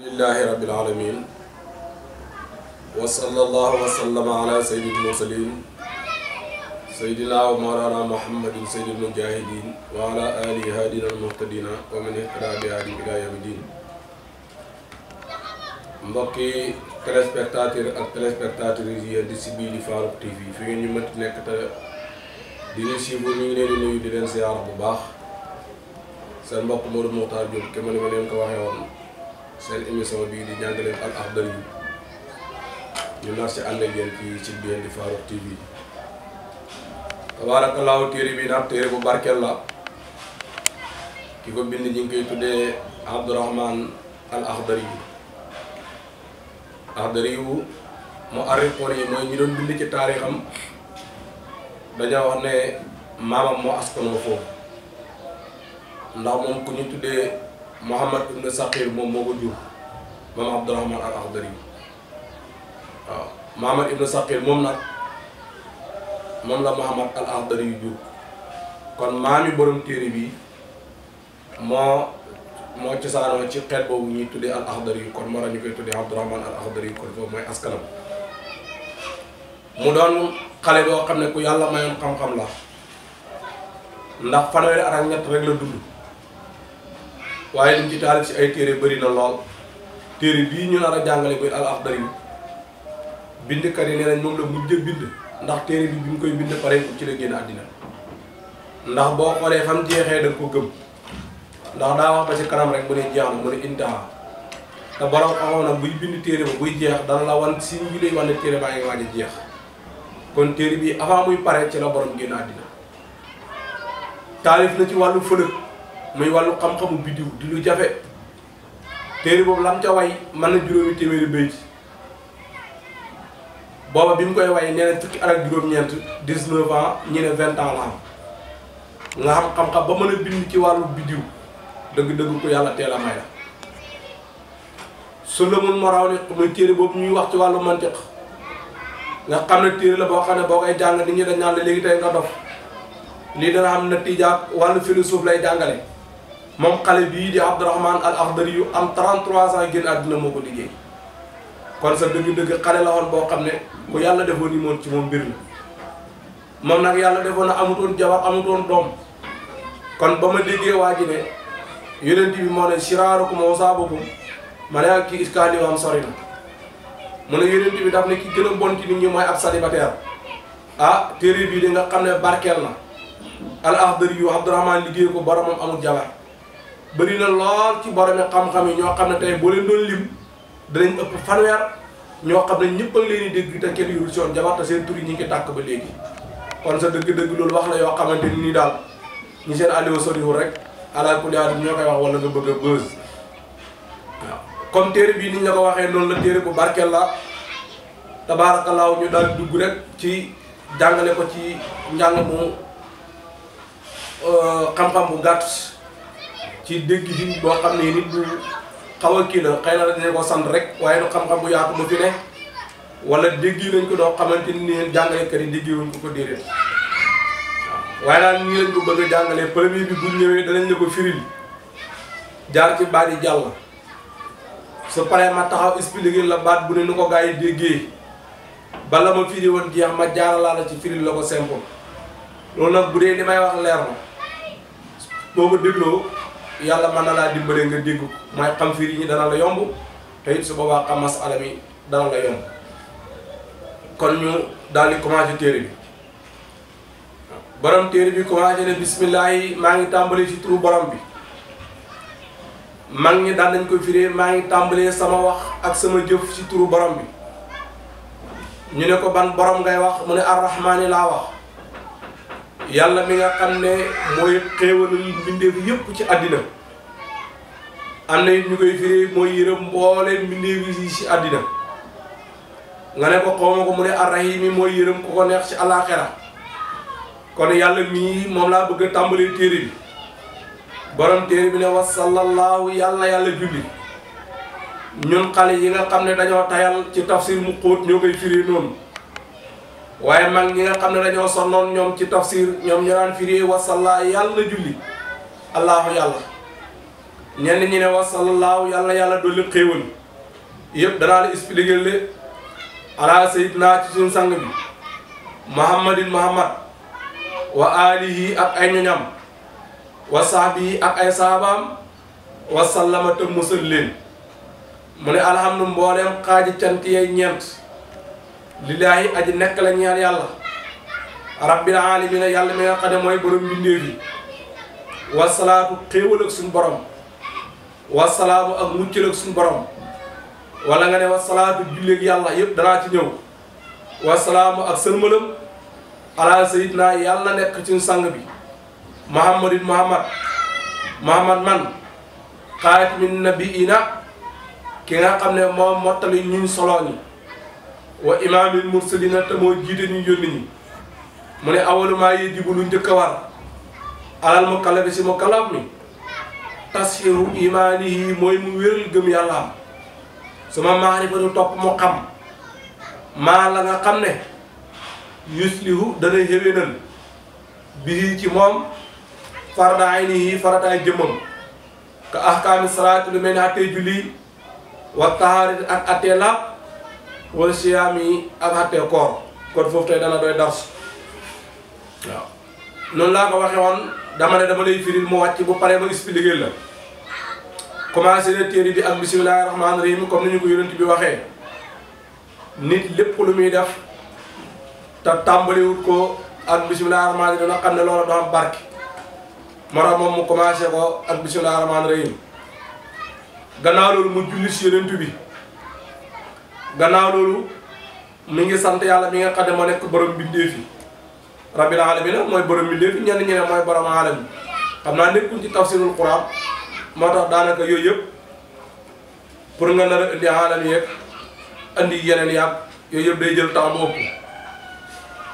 لله رب العالمين وصلى الله وسلم على سيد المرسلين سيدنا ومولانا محمد سيد المجاهدين وعلى آله هادينا المهتدين ومن اهتدى بهادي إلى يوم الدين mbokki téléspectateur ak téléspectatrices yi di si bii di Farokh TV fi ngeen ñu mënti nekk te di ñu suivre ñu ngi leen di nuyu di leen siyaar bu baax seen mbokk Modou Moukhtar Diop kéema ni ma leen ko waxee woon seen émission bii di jàngale al axdar ñu nar si ànd ak yéen fii biir di Farokh TV tabaarakallaahu téere bii nag téere bu barkeel la ki ko bind ñu ngi koy tuddee Abdourahman al axdar yi axdar yi mu yi mooy ñu doon bind ci taarixam dañoo wax ne maamam moo askanoo foofu ndax moom ku ñu tuddee Mouhamad ibn Saqir moom moo ko jur moom Abdourahman al Akhdari waaw Mouhamad ibn Saqir moom nag moom la Mouhamad al Akhdari yu jur kon maami borom téere bi moo moo cosaanoo ci xeet boobu ñuy tuddee al Akhdari yu kon moo tax ñu koy tuddee Abdourahman al Akhdari yu kon foofu mooy askanam mu doon xale boo xam ne ku yàlla mayoon xam-xam la ndax fanweeri at ak ñett rek la dund. waaye lim ci taalif si ay téere bëri na lool téere bii ñu nar a jàngale bi al axdar yi bindkat yi ne nañ moom la mujj bind ndax téere bi bu mu koy bind pare ci la génn àddina ndax boo xoolee fam jeexee da ko gëm ndax daa wax ba ci kanam rek mu ne jeex na mu ne intaha te borom xamoon na buy bind téere ba buy jeex dana la wan si ñu lay wane téere baa ngi waaj a jeex kon téere bii avant muy pare ci la borom génn àddina taalif na ci wàllu fëlëg muy walu xam xamu bidiw di lu jafé téré bobu lam ca way man na juroomi téméré beuy boba bimu koy way néna tukki ak juroom ñent 19 ans ñi né 20 ans la nga xam xam xam ba mëna bind ci walu bidiw deug deug ko yalla téla may la sulamun morawli muy téré bobu ñuy wax ci walu mantiq nga na téré la bo xamne bo koy jang nit ñi dañ ñaan légui tay nga dof li dana am na walu philosophe lay jangale moom xale bii di Abdourahman al Akhdari yu am 33 ans génn àddina moo ko liggéey kon sa dëgg-dëgg xale la woon boo xam ne ku yàlla defoon ni moon ci moom mbir la moom nag yàlla defoon na amutoon jabar amutoon doom kon ba ma liggéey waa ji ne yonent bi moo ne siraarukum wa saabukum ma ne ak kii iska li am sori na mu ne yonent bi daf ne ki gën a bon ci nit ñi mooy ab célibataire ah téere bii di nga xam ne barkeel na al Akhdari yu Abdourahman liggéey ko moom amul jabar bëri na lool ci borom xam-xam yi ñoo xam ne tey boo leen doon lim danañ ëpp fanweer ñoo xam ne ñëpp leen dégg te kenn yorul si woon jabar seen tur yi ñu ngi tàkk ba léegi. kon sa dëgg-dëgg loolu wax la yoo xamante ni nii daal ñu seen alléwo soriwul rek ala kulli aadama ñoo koy wax wala nga bëgg a bës kon comme téere bii ni ñu la ko waxee noonu la téere bu barkeel la tabaarakallaahu ñu daal dugg rek ci jàngale ko ci njàng mu euh, xam-xam bu gàtt. ci dégg ji boo xam ne nit bu xaw a kii la xëy na dañu ko sant rek waaye du xam-xam bu yaatu bu fi ne wala dégg nañ ko doo xamante ni jàngalekat yi dégg wuñ ko ko déedéet waaw waaye daal nii lañ ko bëgg a jàngalee premier bi bu ñëwee danañ la ko firil jaar ci baat yi jàll su paree ma taxaw expliquer la baat bu ne nu ko gars yi déggee bala ma firi woon jeex ma jaaralaa la ci firil la ko simple loolu nag bu dee li may wax leer na boo dégloo yalla man la dimbalé nga dégg moy xam fi ni dana la yomb te it su baba xam masala mi dana la yomb kon ñu dal di commencé téré bi borom téré bi commencé ne bismillah ma ngi tambalé ci turu borom bi mag ñi dal nañ ko firé ma ngi tambalé sama wax ak sama jëf ci turu borom bi ñu ne ko ban borom ngay wax mu ne arrahmaani la wax yàlla mi nga xam ne mooy xéewalul mbindeef yépp ci àddina am na it ñu koy firee mooy yërëm mbooleem mbindeef yi ci àddina nga ne ko xawma ko mu ne arrahim yi mooy yërëm kon yàlla mii moom laa bëgg a tàmbalee téere bi borom téere bi ne wa yàlla yàlla julli ñun xale yi nga xam ne dañoo tayal ci tafsir mu xóot ñoo koy firee noonu waaye mag ñi nga xam ne dañoo sonnoon ñoom ci tafsir ñoom ñu naan firi wasallaa yàlla julli allahu yàlla ñenn ñi ne wasallaahu yàlla yàlla dolli xéewal yëpp danaa la expliqué le ala sayidna ci suñ sang bi muhammadin muhammad wa alihi ak ay ñoñam wa sahbihi ak ay saabaam wasallama te musal leen mu ne alhamdu mbooleem xaaji cant yey ñeent lillaahi aji nekk la ñeel yàlla rabbil aalamiina yàlla mi nga xam ne mooy borom mbindéef yi wasalaatu ak suñu borom wasalaamu ak muccal ak suñu borom wala nga ne wasalaatu julleeg yàlla yëpp danaa ci ñëw wasalaamu ak sërmalam ala sayidna yàlla nekk ci sang bi muhammadin muhammad muhammad man xaatimin nabiina ki nga xam ne moom mottali ñun solo ñi wa imaamil mursalina te moo jiite ñu yónni ñi mu ne awalumaa yi jibu lu njëkk a war alal mu kalafi si mu kalaf mi tasiru imaanihi mooy mu wéral gëm yàlla su ma maarifatu topp mu xam maa la nga xam ne yuslihu dana héwénal bihi ci moom farda aynihi farataay jëmmam ka ahkaami salaati lu mel ni attee julli wa tahaari ak attee làpp wala siyaami ak xattee koor kon foofu tey dana doy dars waaw noonu laa ko waxee woon dama ne dama lay firil mu wàcc bu paree ma expliqué la commencé na téere bi ak bisimilahi rahmaani rahim comme ni ñu ko yonent bi waxee nit lépp lu muy def te tàmbaliwut ko ak bisimilahi rahmaani rahim xam ne loola doo am barke moo mu commencé ko ak bisimilahi rahmaani rahim gannaaw loolu mu julli si yonent bi gannaaw loolu mi ngi sant yàlla bi nga xam ne moo nekk borom bindee fi bi nag mooy borom bindee fi ñenn ñi ne mooy borom alam xam naa nekkuñ ci tafsirul quran moo tax daanaka yooyu yëpp pour nga nar a indi alam yeeg indi yeneen yooyu yëpp day jël temps bu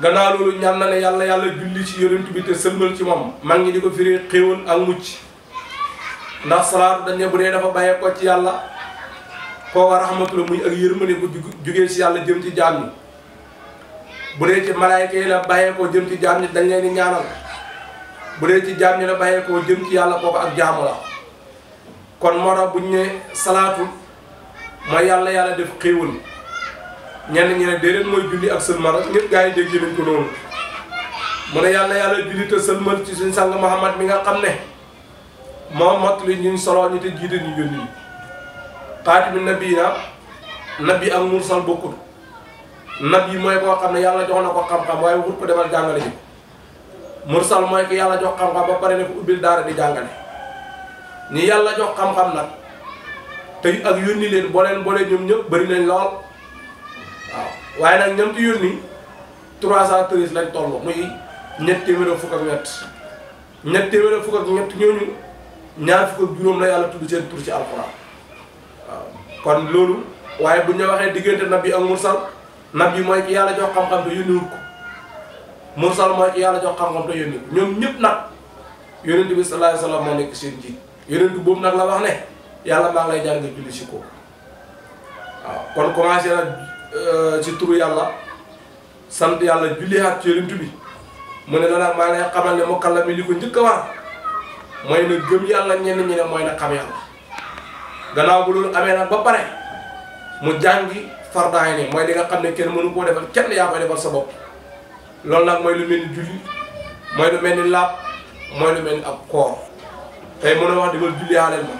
ëpp loolu ñaan na ne yàlla yàlla julli ci yonent bi te sëlmal ci moom mag ñi di ko firi xéewal ak mucc ndax salaatu dañ ne bu dee dafa bàyyee ko ci yàlla ko wa rahmatul muy ak yermane ko jugge ci yalla dem ci jamm bu dee ci malaika yi la bàyyee koo jëm ci jamm dañ leen di ñaanal bu dee ci jamm ñi la bàyyee koo jëm ci yalla kooku ak jamm la kon mo do buñ ne salatu mooy yalla yalla def xewul ñen ñi ne déedéet moy julli ak sëlmal rek ñet gaay yi dégg ko non mo ne yalla yalla julli te sëlmal ci sun sang Muhammad mi nga xamne mo mot li ñu solo ñu te jiite ñu yónni xaatim nabi na nabi ak mursal bokul nabi moy koo xamne yalla jox nako xam-xam way waxut ko demal jangale ji mursal moy ki yalla jox xam-xam ba pare ne ko ubil dara di jangale ni yalla jox xam-xam nak te ak yoni len bo len bo boole ñom ñep bari nañ lool waaye nak ñam ti yoni 313 lañ tollu muy ñet téeméer fuk ak ñet ñet téeméer fuk ak ñett ñooñu ñaar fuk ak juroom la yalla tuddu ci tur ci alxuraan kon loolu waaye bu ñu waxee diggante nabi ak mursal yi mooy ki yàlla jox xam-xam te yónni wut ko mursal mooy ki yàlla jox xam-xam te ñëpp nag yonent bi sallallahu alayhi moo nekk seen jiit yonent boobu nag la wax ne yàlla maa ngi lay jàng julli si commencé na euh, ci turu yàlla sant yàlla julliwaat ci bi mu ne la maa ngi xamal ne mu kàlla mi li ko njëkk a war mooy na gëm yàlla ñenn ñi ne mooy na xam yàlla. gannaaw bu loolu amee nag ba paré mu jangi fardaay ni moy li nga xamné ne kenn mënu ko defal kenn ya ko defal sa bop lool nak moy lu melni julli moy lu melni lap moy lu melni ak ab koor tey mën wax dimal julli yaa leen ma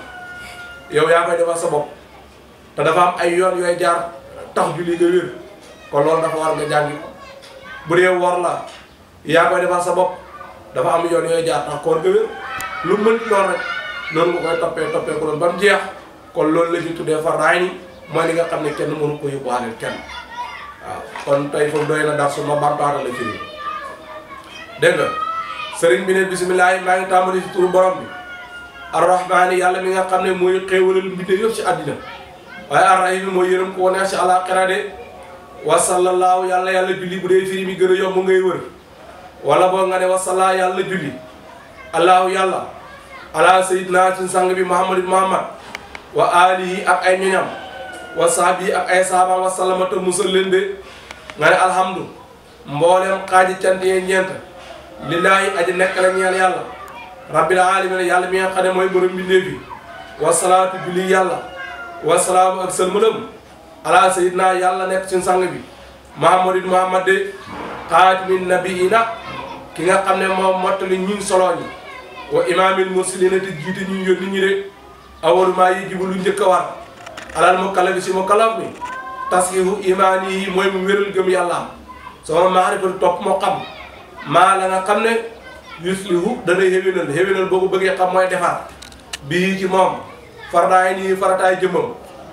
yow ya ko defal sa bop ta dafa am ay yoon yoy jaar tax julli ga wér ko lool dafa war nga jangi bu dee war la ya ko defal sa bop dafa am yoon yoy jaar tax koor ga wér lu mën lool rek non nga koy topé topé ko doon bam jeex kon loolu la ñu tuddee fa raay ni mooy li nga xam ne kenn mënu ko yóbbuwaale kenn waaw kon tey foofu doy na ndax su ma bamtaana la firi dégg sëriñ bi ne bisimilah maa ngi tàmbali ci turu borom bi arrahmaani yàlla mi nga xam ne mooy xéewalal mbindéef yëpp ci àddina waaye arrahim mooy yërëm ko neex ci àllaaxira de wasallallaahu yàlla yàlla julli bu dee firi mi gën a yomb ngay wër wala boo nga ne wasallaa yàlla julli allahu yàlla ala sayyidinaa wa aalihi ak ay ñoñam wa sahab yi ak ay sahabaam wa sallama te musal leen de ne alhamdu mboolem xaaji cant yee ñeent lillaahi aji nekk la ñeel yàlla rabbil alamin yàlla mi nga xam ne mooy borom mbindéef yi wasalaatu julli yàlla wasalaamu ak sëlmalam ala sayidna yàlla nekk suñ sang bi mahamadin muhammad de xaatimin nabiina ki nga xam ne moom mottali ñun solo ñi wa imaamil mursalina te jiite ñun yónni ñi de awalu maa yi jibu lu njëkk a war alal mu kala bi si mu kalaf bi tasxihu imaan yi mooy mu wéral gëm yàllaam sama maarifal topp moo xam maa la nga xam ne yuslihu dana héwénal héwénal boo ko bëggee xam mooy defar bii ci moom farataay nii farataay jëmmam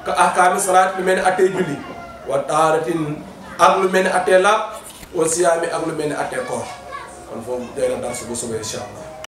ka ahkaami salaat lu mel ni attee julli wa taaratin ak lu mel ni attee laab wa siyaami ak lu mel ni attee koor kon foofu day na dars bu subee incha allah